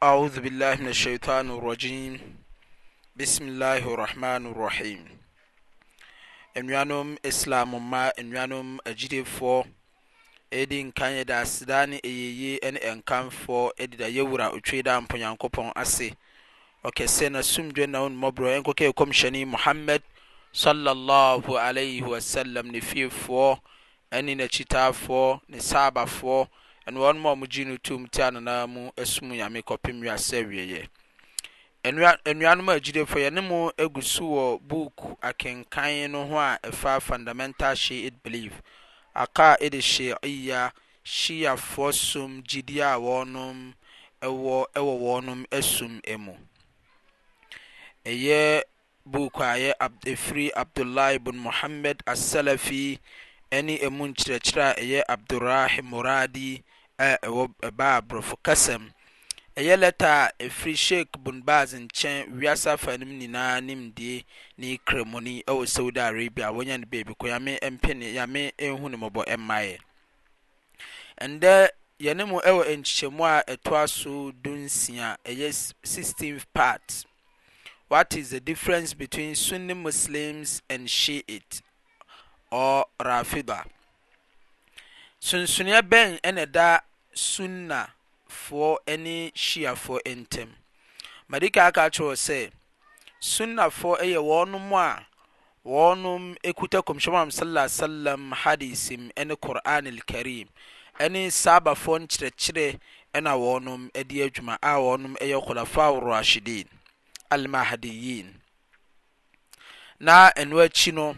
ausu bilah min asitan ragim bismi lah rahman rɔhim nnuanom islam mma nnuanom agidefoɔ di nkan yɛdaasedaa ne ɛyɛyie ne ɛnkanfoɔ dida yɛwura otwe daa mpo nyankopɔn ase ɔkɛsɛ na sumdwenna wonumɔberɔ ɔnkɔ kɛ ɔkɔmhyɛne muhamad sh ala wasalam ne fiefoɔ ne n'akyitaafoɔ ne saabafoɔ ɛna wɔn a wɔgye no tom te nana mu asum nyame kɔpem wiase wieɛ nnuanom a fo yɛne mu agu so wɔ book akenkan no ho a ɛfa fundamental shiit belief aka aqaid shiiya shiafoɔ som gyidie a wɔnom ɛwɔ ɛwɔ wɔnom asum mu ɛyɛ book a yɛ ɛfiri abdullahi ibn muhammad asalafi ɛne ɛmu nkyerɛkyerɛ a ɛyɛ abdurahim muradi baborɔfo kasɛm ɛyɛ lɛtta a ɛfri shaik bunbas nkyɛn wia safanom nyinaa nemdine ykramoni wɔ saudi arabia wɔyan bbik yme hune mb mmay ɛndɛ yɛnemu ɛwɔ nkyekyɛmu a ɛtoaso donsia ɛyɛ system part what is the difference between sunny muslims and sheet r rafida sunsonnea bɛn ɛneda fo ne shiafoɔ ntam madi ka aka kyerɛ sɛ sunnafoɔ yɛ wɔnom a wɔnom kuta kɔmhyɛmam sala salam hadisim ne qur'an alkarim ne sabafoɔ nkyerɛkyerɛ na wɔnom de adwuma a wɔnom yɛ khulafa rashidin almahdiyin na ɛno akyi no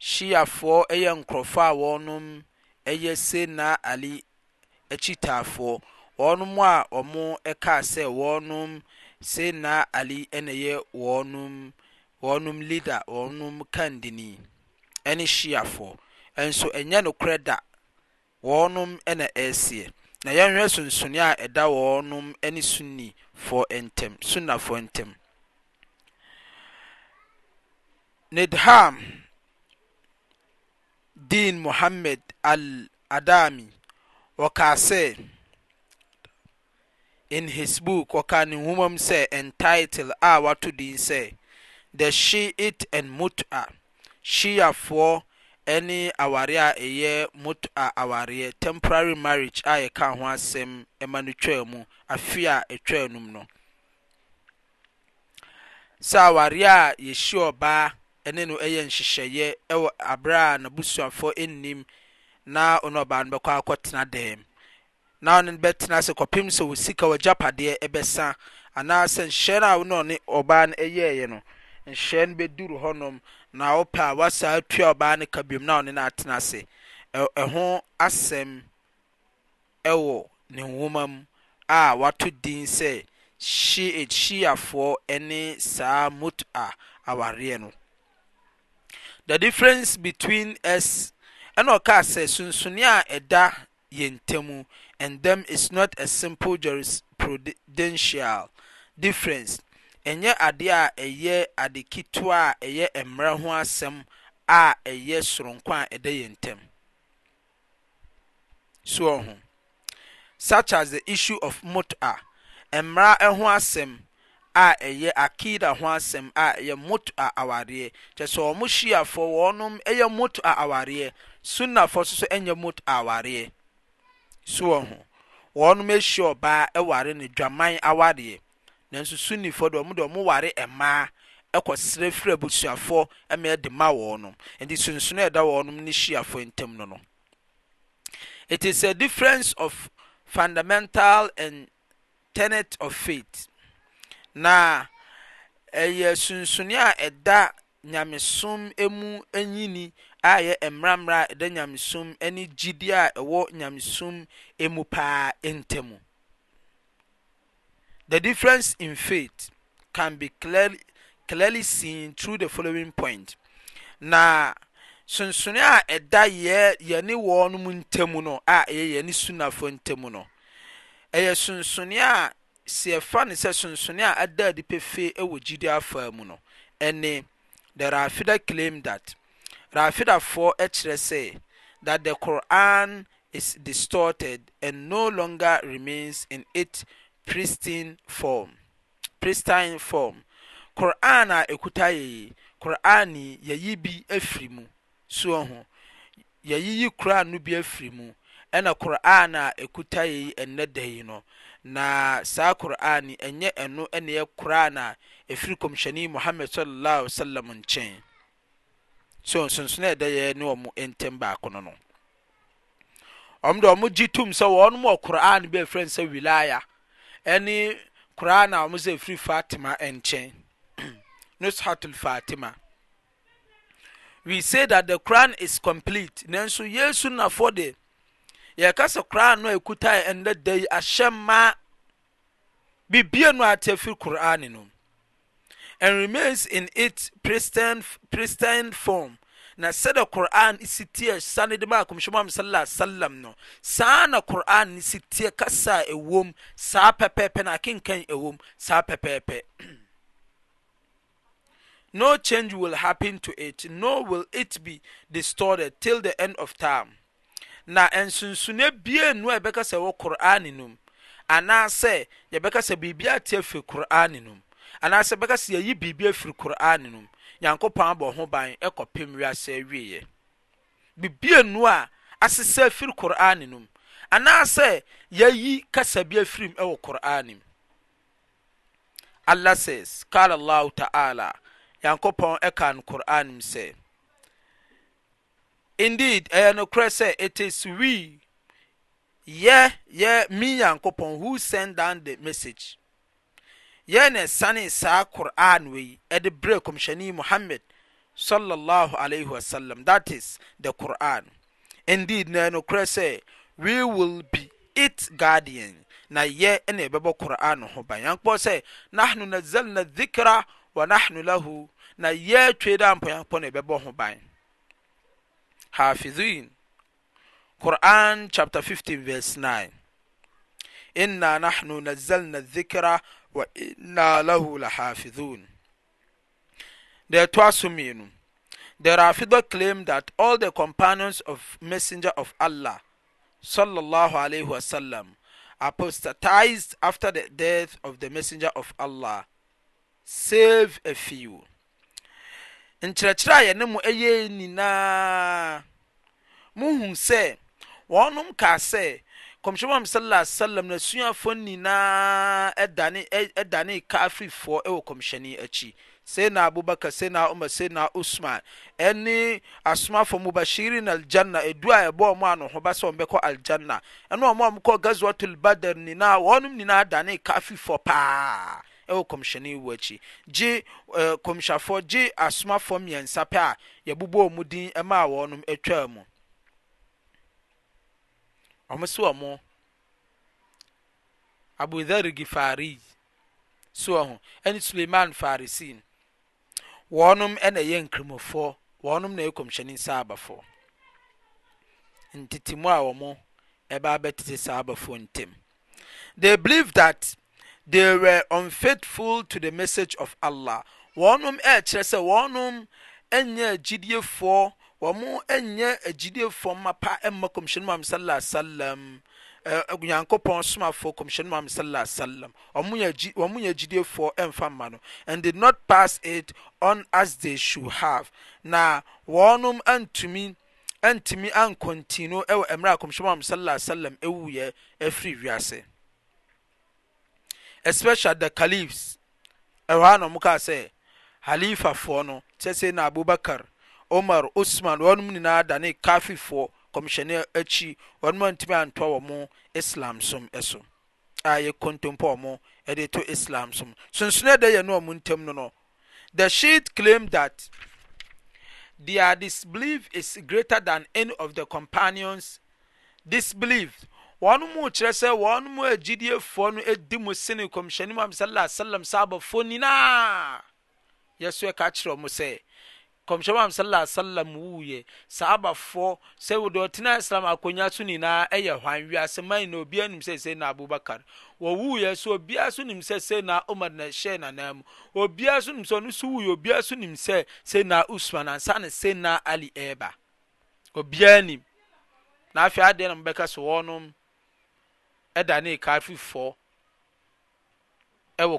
shiafoɔ yɛ nkurɔfoɔ a wɔnom yɛ sena ali akyitaafoɔ wɔ no u a ɔmo ɛkar sɛ wɔnom seena ali nayɛ wɔnom leader wɔnom kandini ne hyiafoɔ ɛnso ɛnyɛ nokorɛ da wɔɔ nom na ɛsiɛ na yɛnwerɛ sonsone a ɛda wɔɔ nom ne sunnafoɔ ntam nidham den mohamed aladami wɔkaa sɛ in his book wɔkaa ne nwoma mu sɛ entitle a wato din sɛ the shiit and mut'a shiafoɔ ne awareɛ a ɛyɛ mut'a awareɛ temporary marriage a yɛka ho asɛm ma no twaa mu afe a ɛtwaa no mu no sɛ awareɛ a yɛhyi ɔbaa ne no yɛ nhyehyɛeɛ wɔ aberɛ a n'abusuafoɔ nnim na ɔno ɔbaa no bɛkɔ akɔtena dɛm na ɔno bɛtena sɛ kɔpem sɛ osika wɔ gyapadeɛ ɛbɛsa anaasɛ nhyɛn a ɔno ɔne ɔbaa no ɛyɛɛyɛ no nhyɛn no bɛduru hɔnom na ɔpɛ a wasa atua ɔbaa no ka biom na ɔne no atena ase ɛho asɛm ɛwɔ ne nwoma mu a wato din sɛ shiafoɔ ɛne saa mut a awareɛ no the difference between s ɛna ɔkaa sɛ sunsuni a ɛda yɛn ntam ndɛm is not a simple jurisprudential difference ɛnyɛ adeɛ a ɛyɛ ade ketewa a ɛyɛ mmerɛ ho asɛm a ɛyɛ soronko a ɛda yɛn ntam soɔ ho such as the issue of mut'a mmerɛ ho asɛm a ɛyɛ akida ho asɛm a ɛyɛ mut'a awareɛ kyɛ sɛ wɔn hyiafoɔ wɔn yɛ mut'a awareɛ sunnafoɔ nso so nyɛ mot awareɛ so wɔ ho wɔnom ahyia ɔbaa ɛware no dwaman awareɛ nanso sunnifoɔ deɛ ɔmo deɛ ɔmo ware mmaa ɛkɔ serɛ firi abusuafoɔ ɛma ɛde ma wɔnom nti sunsun ɛda wɔnom ne hyiafoɔ ntam no no it is a difference of fundamental and tenet of faith na ɛyɛ sunsun a ɛda nyamesom emu enyini a ɛyɛ mmerammerɛ ɛda nyamesom ne gyidie a ɛwɔ nyamesom mu paa ntam the difference in faith can be clearly, clearly seen through the following point na sunsune a ɛda yɛ yɛne wɔn ntam no a ɛyɛ yɛne sunafoɔ ntam no ɛyɛ sunsune a sɛ ɛfa no sɛ sunsune a ada adi pefee wɔ gyidie afaa mu no ɛne there are further claim that rafidafoɔ eh, kyerɛ sɛ that the quran is distorted and no longer remains in its pristine form pristine form quran a ɛkuta yɛyi quran yi yɛyi bi afiri mu soɔ ho yɛyiyi quran no bi afiri mu ɛna quran a ɛkuta yɛyi ɛnnɛ da yi no na saa quran ɛnyɛ ɛno ɛna yɛ quran a ɛfiri kɔmhyɛni muhammad sallallahu alaihi nkyɛn ssoeɛdɛyɛ ne ɔ nm baako no no ɔm de ɔmogye tom sɛ wɔnom wɔ kor'an bi afr m sɛ willya ne qor'an a ɔmosɛfiri fatima nkyɛn nushatlfatima we sa tha the coran is complete naso yesu nafoɔ de yɛkasa qran no a ɛkuta ɛnda dayi ahyɛ maa birbie no atefir kr'an no and remains in its pristine, pristine form na sɛda quran si teɛ sane de maa kɔmhyɛmam sala salam no saa na quran ne si teɛ kasa a ɛwom saa pɛpɛɛpɛ na akenkan ɛwom saa pɛpɛɛpɛ no change will happen to it No will it be distorted till the end of time na nsonsonoa bie nu a yɛbɛka sɛ ɛwɔ quran nom anaasɛ yɛbɛka sɛ biribi ate afi quran nom anaasɛ bɛka sɛ yɛyi biribi afiri koran no mu nyankopɔn abɔ ho ban ɛkɔpem wiase awieɛ bibie nu a asesɛ afiri koran no mu anaasɛ yɛyi kasa bi afiri mu ɛwɔ koran allah says qala allah ta'ala nyankopɔn ɛka no koran mu sɛ indeed ɛyɛ nokorɛ sɛ it is we yɛ yɛ me nyankopɔn who send down the message yɛn na ɛsane saa qur'an wei ɛde brɛ kɔmhyɛni muhammad sallallahu alayhi wa sallam that is the quran indeed na ɛnokorɛ sɛ we will be its guardian na yɛ ɛna ɛbɛbɔ quran ho ban yankpɔ sɛ nahnu nazzalna dhikra wa nahnu lahu na yɛ twe da mpɔ yankpɔ na ɛbɛbɔ ho ban hafizin quran chapter 15 verse 9 inna nahnu nazzalna dhikra wainna laho lahafidzoon de toaso mmieno the rafido claim that all the companions of messenger of allah sll i wasallam apostatized after the death of the messenger of allah save a fiw nkyerɛkyerɛ a yɛ ne mo yɛ nyinaa mohu sɛ wɔnom ka sɛ kɔmhyɛ mam sala salam n'asuafoɔ nyinaa ɛdane ɛdane kafirifoɔ ɛwɔ kɔmhyɛni akyi sena abubakar sena umar sena usman ɛne asomafo mubashiri na aljanna edu a ɛbɔ ɔmo ano ho basa ɔmo bɛkɔ aljanna ɛna ɔmo a ɔmo kɔ gazuwatul badr nyinaa wɔnom nyinaa dane kafirifoɔ paa ɛwɔ kɔmhyɛni wɔ akyi gye ɛɛ kɔmhyɛfoɔ gye asomafoɔ mmiɛnsa pɛ a yɛbobɔ ɔmo din ɛmaa wɔnom atwaa mu. ɔmo so ɔ mo abudharigi fari so ɔ ho ne suleyman farisene wɔnom neyɛ nkremofoɔɔnnyɛkɔmhyɛnesaabafoɔ ntitemu a wɔ mobabɛtete saabafoɔ ntem the believe that te wer unfaitful to the message of allah wɔnom ɛkyerɛ sɛ wɔnom yɛ gyidiefoɔ wɔmo ɛyɛ agyidiefoɔ mma pa mma kɔmhyɛn ne muham sasalm nyankopɔn somafoɔ kɔmhyɛn ne mham sala wsalm wɔ monya agyidiefoɔ mfa mma no and did not pass it on as they shoul have na wɔnom antumiantumi ankontin no ɛwɔ mmerɛ a komhyɛn mam sal salam ɛwuiɛ afiri wiase especiall the califs ɛhɔa nɔmoka sɛ halifafoɔ no sɛse na abobakar omar osman wɔnom nyinaa dane kafifoɔ kɔmhyɛne akyi wɔnom antumi antoa wɔ mo islam som so a yɛ kontompa wɔn de to islam som sunsun ɛda yɛ no wɔn ntam no no the sheet claim that their disbelief is greater than any of the companions disbelief wɔn mu kyerɛ sɛ wɔn mu agyidiefoɔ no di mu sini kɔmhyɛne mu amsala asalam saabɔfoɔ nyinaa yɛsɔ ɛka kyerɛ wɔn sɛ. kɔmhyɛmaam saa salm wuyɛ saabafɔ sɛ dɔtena a islam akoya so nyinaa ɛyɛ han wiase mainanim sɛsna abobakar ɔwnɛasmanaliabane nmɛkɛsɔnanai wɔ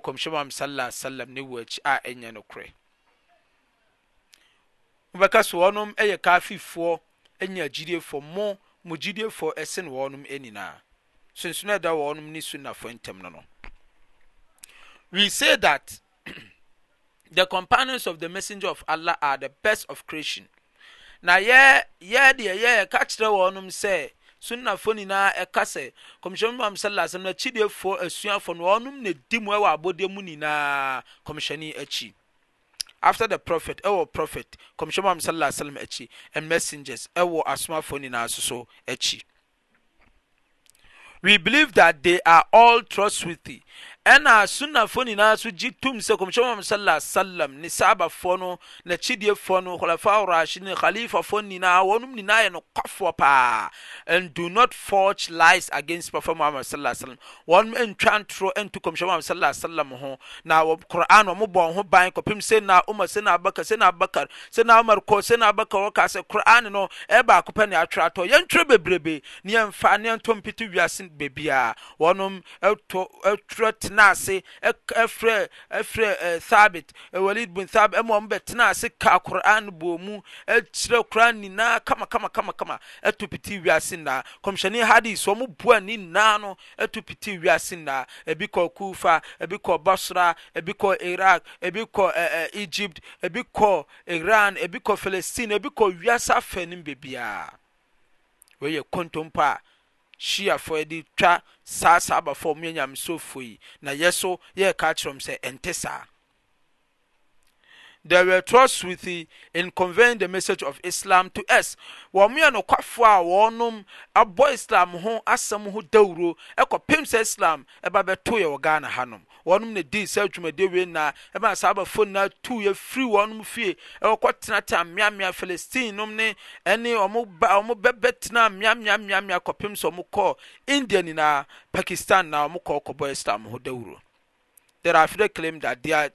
kɔmhyɛam saamnwkyɛno kr wobɛka so wɔnom yɛ kafifoɔ nya agyidiefoɔ mo mo gyidiefoɔ ɛsen wɔnom nyinaa sunsun ɛda wɔnom ne sunnafoɔ ntɛm no no we say that the companions of the messenger of allah are the best of creation na yɛ yɛ deɛ yɛ ɛka kyerɛ wɔnom sɛ sunnafoɔ nyinaa ɛka sɛ kɔmhyɛn mu amsala asɛm no akyidefoɔ asuafoɔ no wɔnom na di mu ɛwɔ abɔdeɛ mu nyinaa kɔmhyɛn akyi after the prophet ɛwɔ prophet komhyɛ moham saa slm akyi and messengers ɛwɔ asomaphon nyinaa soso akyi we believe that they are all trust withy ɛna sunnafo nyinaa so gye tom sɛ komyɛ sm ne sabafoɔ no akidiefafyyiaɛok pt risantqraho bsa qran no baakopneatrɛ yaterɛ bebrebe ase ɛfrɛ ɛfrɛ ɛɛ eh, thabit eh, walid bin thabit ɛmu eh, wɔn bɛtena ase ka koran bɔ mu ɛkyerɛ koran nyinaa kama kama kama kama ɛto piti wiase naa kɔmhyɛni hadis wɔn bua ne nyinaa no ɛto piti wiase naa ebi kɔ kufa ebi kɔ basra ebi kɔ iraq ebi kɔ ɛɛ egypt ebi kɔ iran ebi kɔ palestine ebi kɔ wiase afɛn ne beebiara wɔyɛ kontompo shiafode twa saasaabafo moanyame so fo yi na yɛ so yɛ ka kyerɛm sɛ ɛnte saa te were trus swithy in conveying the message of islam to s wɔ monyanokwafoɔ a wɔnom abɔ islam ho asɛm ho dawuro ɛkɔ pem sɛ islam ɛba bɛto yɛ wɔ gha naha nom wɔnom na dii sɛ dwumadie wei na ɛma saa abafo na tu yɛfiri wɔnom fie ɛwɔ kɔtenatena mmeammea philistine nom ne ɛne ɔmo bɛbɛtena mmeammeammeammea kɔpem sɛ ɔmo india na pakistan na ɔmo kɔɔ kɔbɔ islam ho dawuro there are further claim that there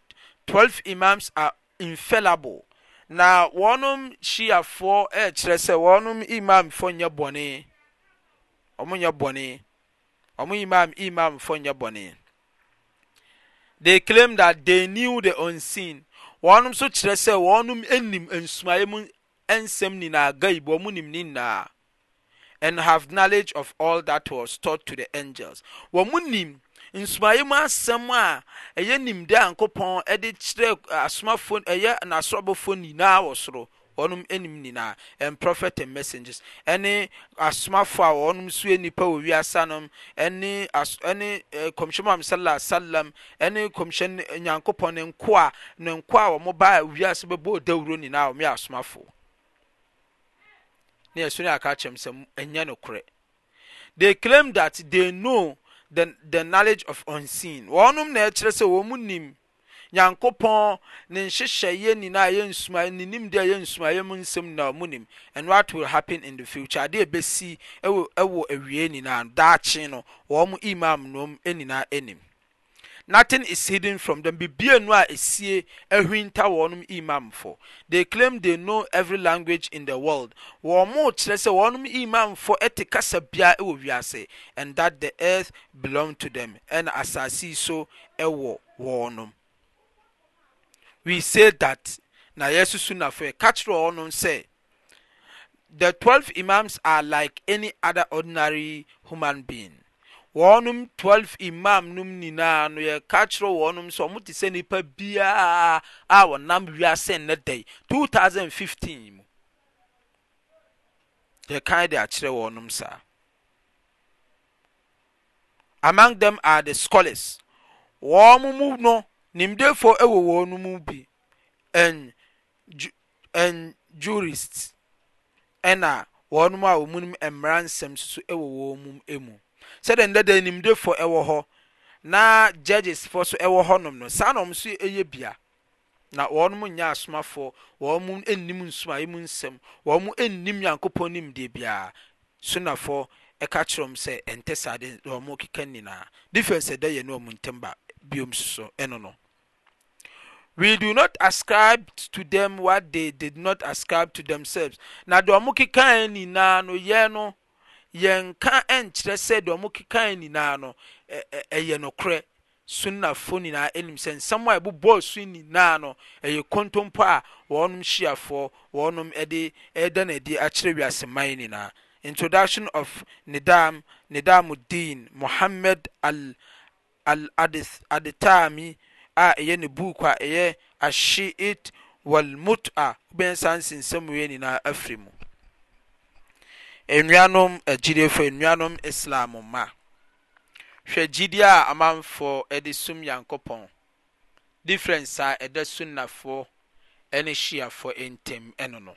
12 imams are infallible na wɔnom shiafoɔ ɛkyerɛ sɛ wɔnom imamfoɔ nyɛ bɔne ɔmo nyɛ bɔne ɔmo imam imamfoɔ nyɛ tde claim that de niw dhe unsen wɔnom nso kyerɛ sɛ wɔnom nim nsumaeɛ mu nsɛm nyinaa gayi b wɔ monim ne nyinaa an have knowledge of all that was taut to the angels wɔn monim nsumaeɛ mu asɛm a ɛyɛ nimde ankopɔn de kyerɛ asmafo yɛ nasoobɔfo nyinaa wɔ soro wɔnom anim nyinaa and prophet and messengers ɛne asomafoɔ a wɔnom nso nipa wɔ wiasa nom ɛne as ɛne eh, kɔmhyɛn muhammed sallah sallam. wasallam ɛne kɔmhyɛn nyankopɔn ne nko a ne nko a wɔn ba wiase bɛbɔ dawuro nyinaa wɔn yɛ asomafoɔ ne yɛsɔ ne aka kyerɛm sɛ ɛnyɛ no korɛ they claim that they know the the knowledge of unseen wɔnom na ɛkyerɛ sɛ wɔn nim. nyankopɔn ne nhyehyɛyɛ nyinaaysm nenmde ynsm ym nsɛm ninamunim an what will happen in the future de bɛsi wɔ awie nyinaa daakyee no ɔm imano nyinaa nim nothin is hidden from them bibi no a sie hinta wɔnom imamf te claim the no every language in the world wɔ mokyerɛ sɛ wɔɔnom imamf te kasa bia wɔ wiase an that the earth belnge to em na asaseyi so wɔ wɔnom wi se that na yɛasusu na fo yɛka kyerɛ wɔnom sɛ the 12 imams are like any other ordinary human bein wɔnom 12 imam nom nyinaa no yɛka kyerɛ wɔɔnom sɛ ɔmote sɛ nnipa biaa a wɔnam wiasɛnne dɛn 25 mu yɛka ɛde akyerɛ wɔɔnom saa among tem ar the scholars ɔmmu no nimdefoɔ ɛwɔ wɔn mu bi ɛn ju and ɛna wɔn a wɔn mu mmara nsɛm nso ɛwɔ wɔn mu mu sɛdeɛ ndɛdɛ nimdefoɔ wɔ hɔ na judges foɔ nso hɔ hɔnom no saa na nso ɛyɛ bia na wɔn mu nyɛ asomafoɔ wɔn mu nnim nsumaeɛ mu nsɛm wɔn mu nnim nyankopɔn nimdeɛ biara sunafoɔ ɛka kyerɛ wɔn sɛ ɛntɛ saa de wɔn keka nyinaa difference ɛdɛ yɛ ne wɔn ntam ba biom soso ɛno no. we do not ascribe to them what dey did not ascribe to themselves na dɔ ɔmo kekaɛ nyinaa no yɛ no yɛnka nkyerɛ sɛ dɔ ɔmo kekaɛ nyinaa no ɛyɛ nokorɛ sunnafo nyinaa nim sɛ nsɛm a ɛbobɔɔ so nyinaa no ɛyɛ kontompo a wɔnom hyiafoɔ wɔnom de danadi akyerɛ wiasemmanɛ nyinaa introduction of ndanidamodden mohamed aladtami a ɛyɛ ne buuk a ɛyɛ ashiit mut a wobɛn saa nsensɛmuyɛ nyinaa afiri mu nnuanom agyidefo nnuanom islam ma hwɛ gyidie a amanfoɔ ɛde som nyankopɔn difference a ɛda sunnafoɔ ɛne hyiafoɔ ntam ɛno no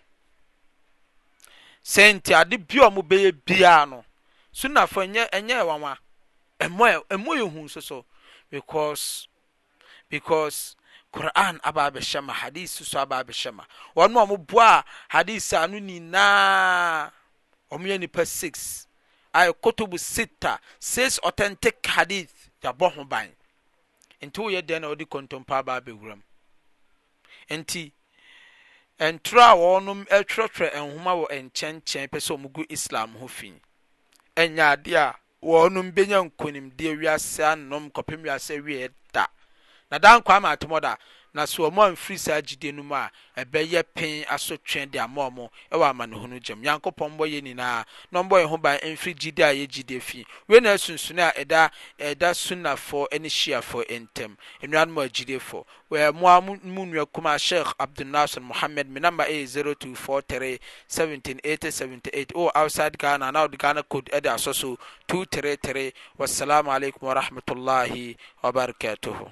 sɛnti ade bi a mobɛyɛ biara no sunnafoɔ ɛnyɛ ɛwanwa ɛmmɔ ɛhu nso so because because quran aba abɛhyɛ ma hadis so aba abɛhyɛ ma wɔn a a wɔboa hadis ano nyinaa wɔyɛ nipa six ayɛ kotobu sita six authentic hadith yabɔ ho ban nti woyɛ dɛn na wɔde kɔntɔmpa aba abɛwura mu nti ntoro a wɔnom twerɛtwerɛ nhoma wɔ nkyɛnkyɛn pɛ sɛ wɔn gu islam ho fi ɛnyɛ adeɛ a wɔnom benya nkonimdeɛ wiase anom kɔpem wiase wie da nadaa nkwaamaatomɔda naso ɔ moa mfiri saa gide no mu a ɛbɛyɛ pe asotwɛn de amamu wɔ ama nehono gyam nyankopɔn mbɔ yɛ nyinaa nombɔ yɛho ba mfir gidi a yɛ gide fi wei ne sunsuni a ɛda sunafɔ nihyiafɔ ntam nnanom a gidef moa mu nna kma shik abdunaser mohamed me nama ɛɛ 0243 17878 ousid ghananghana kod de asɔ so 233 wssalamu aleikum warahmatlhi wabarakatho